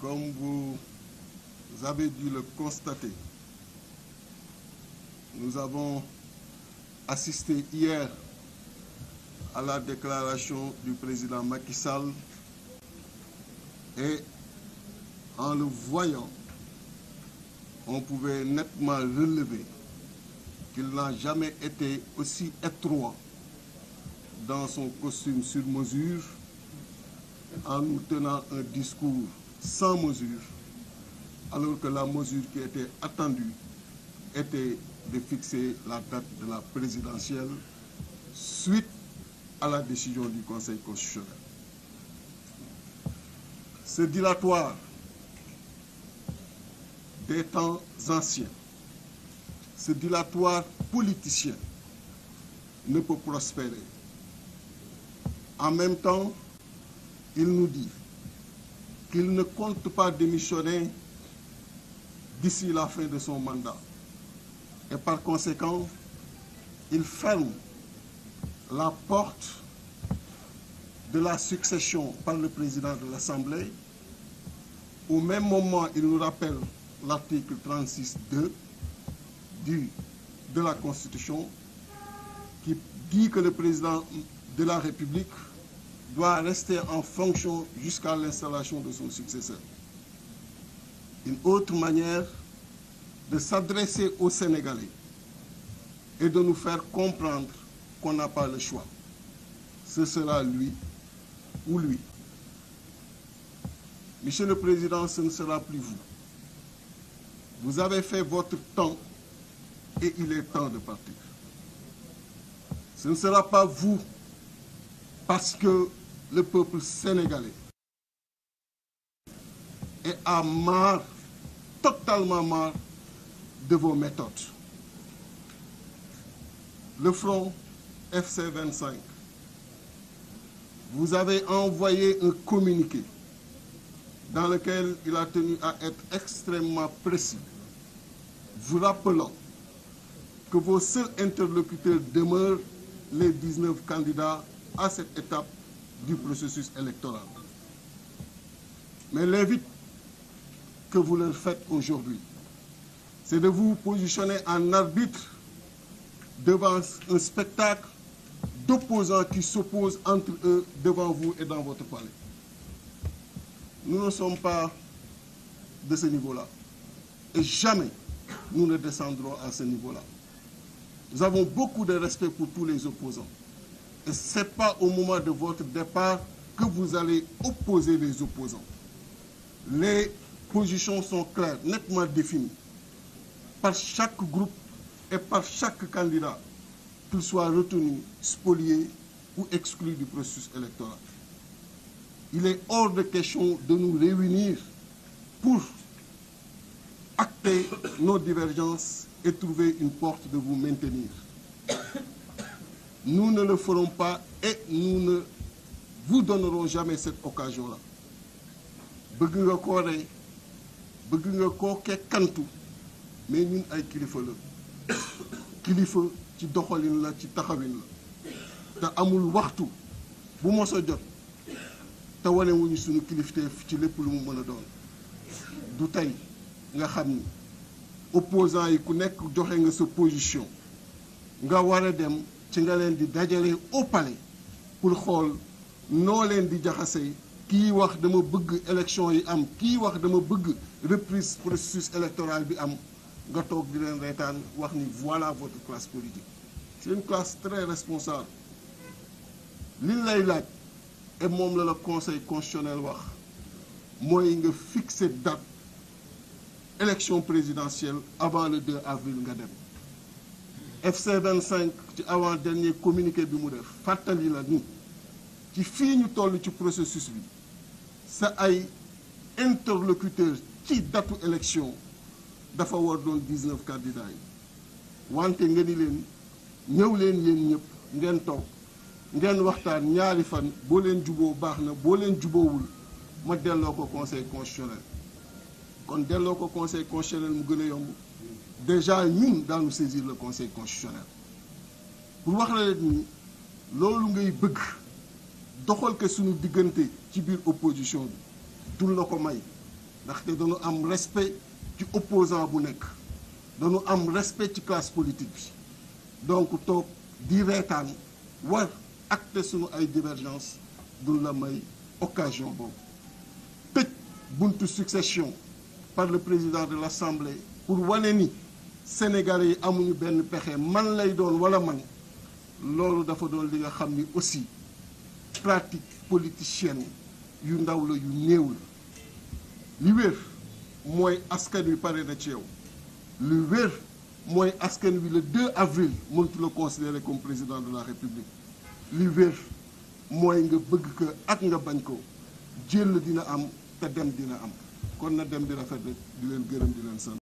Comme vous avez dû le constater, nous avons assisté hier à la déclaration du président Macky et en le voyant, on pouvait nettement relever qu'il n'a jamais été aussi étroit dans son costume sur mesure en nous tenant un discours sans mesure, alors que la mesure qui était attendue était de fixer la date de la présidentielle suite à la décision du Conseil constitutionnel. Ce dilatoire des temps anciens, ce dilatoire politicien ne peut prospérer. En même temps, il nous dit qu'il ne compte pas démissionner d'ici la fin de son mandat. Et par conséquent, il ferme la porte la succession par président de l'Assemblée. Au même moment, il nous rappelle l'article 36.2 de la Constitution qui dit président de la doit rester en fonction jusqu'à l'installation de son successeur. Une autre manière de s'adresser aux Sénégalais et de nous faire comprendre qu'on n'a pas le choix. Ce sera lui ou lui. Monsieur le Président, ce ne sera plus vous. Vous avez fait votre temps et il est temps de partir. Ce ne sera pas vous parce le peuple sénégalais et a marre, totalement marre de vos méthodes. Le front FC25, vous avez envoyé un communiqué dans lequel il a tenu à être extrêmement précis, vous rappelant que vos seuls interlocuteurs demeurent les 19 candidats à cette étape du processus électoral. Mais l'invite que vous leur faites aujourd'hui, c'est de vous positionner en arbitre devant un spectacle d'opposants qui s'opposent entre eux devant vous et dans votre palais. Nous ne sommes pas de ce niveau-là. Et jamais nous ne descendrons à ce niveau-là. Nous avons beaucoup de respect pour tous les opposants. Et pas au moment de votre départ que vous allez opposer les opposants. Les positions sont claires, nettement définies, par chaque groupe et par chaque candidat, qu'il soit retenu, spolié ou exclu du processus électoral. Il est hors de question de nous réunir pour acter nos divergences et trouver une porte de vous maintenir. Nous ne le ferons pas et nous ne vous donnerons jamais cette occasion-là bëgg nga koo rey bëgg nga koo kekkantu mais ñun ay kilifa la kilifa ci doxalin la ci taxawin la te amul waxtu bu mos jot te wanewuñu suñu kilifteef ci lépp lu mu mën a doon du tey nga xam ni opposant yi ku nekk joxe nga sa position nga war a dem ci nga leen di dajale au pour xool noo leen di jaxase kii wax dama bëgg élection yi am kiy wax dama bëgg reprise processus électoral bi am nga toog di leen reetaan wax ni voilà votre classe politique c'est une classe très responsable li lay laaj et moom la la conseil constitutionnel wax mooy nga fixer date élection présidentielle avant le 2 avril nga dem FC 25 ci avant dernier communiqué bi mu def fàttali la ni ci fii ñu toll ci processus bi sa ay interlocuteur ci datu élection dafa war doon 19 candidats yi wante nga ni leen ñëw leen yéen ñëpp ngeen toog ngeen waxtaan ñaari fan boo leen juboo baax na boo leen juboowul ma delloo ko conseil constitutionnel kon delloo ko conseil constitutionnel mu gën a yomb déjà ñun daanu saisir le conseil constitutionnel pour wax la leen ni loolu ngay bëgg doxal ko suñu diggante ci biir opposition bi dul la ko may ndaxte dañu am respect ci opposant bu nekk danu am respect ci classe politique bi donc toog di reetaan war acte suñu ay divergence dul la may occasion boobu tëj buntu succession par le président de l'Assemblée pour wane ni Sénégalais yi amuñu benn pexe man lay doon wala man loolu dafa doon li nga xam ni aussi pratique politicienne yu ndaw la yu néew la li wér mooy askan wi pare na ci yow li wér mooy askan wi le 2 avril mëntu la considérer comme président de la république li wér mooy nga bëgg ko ak nga bañ ko jël dina am te dem dina am kon na dem di rafet rek di leen gërëm di leen sant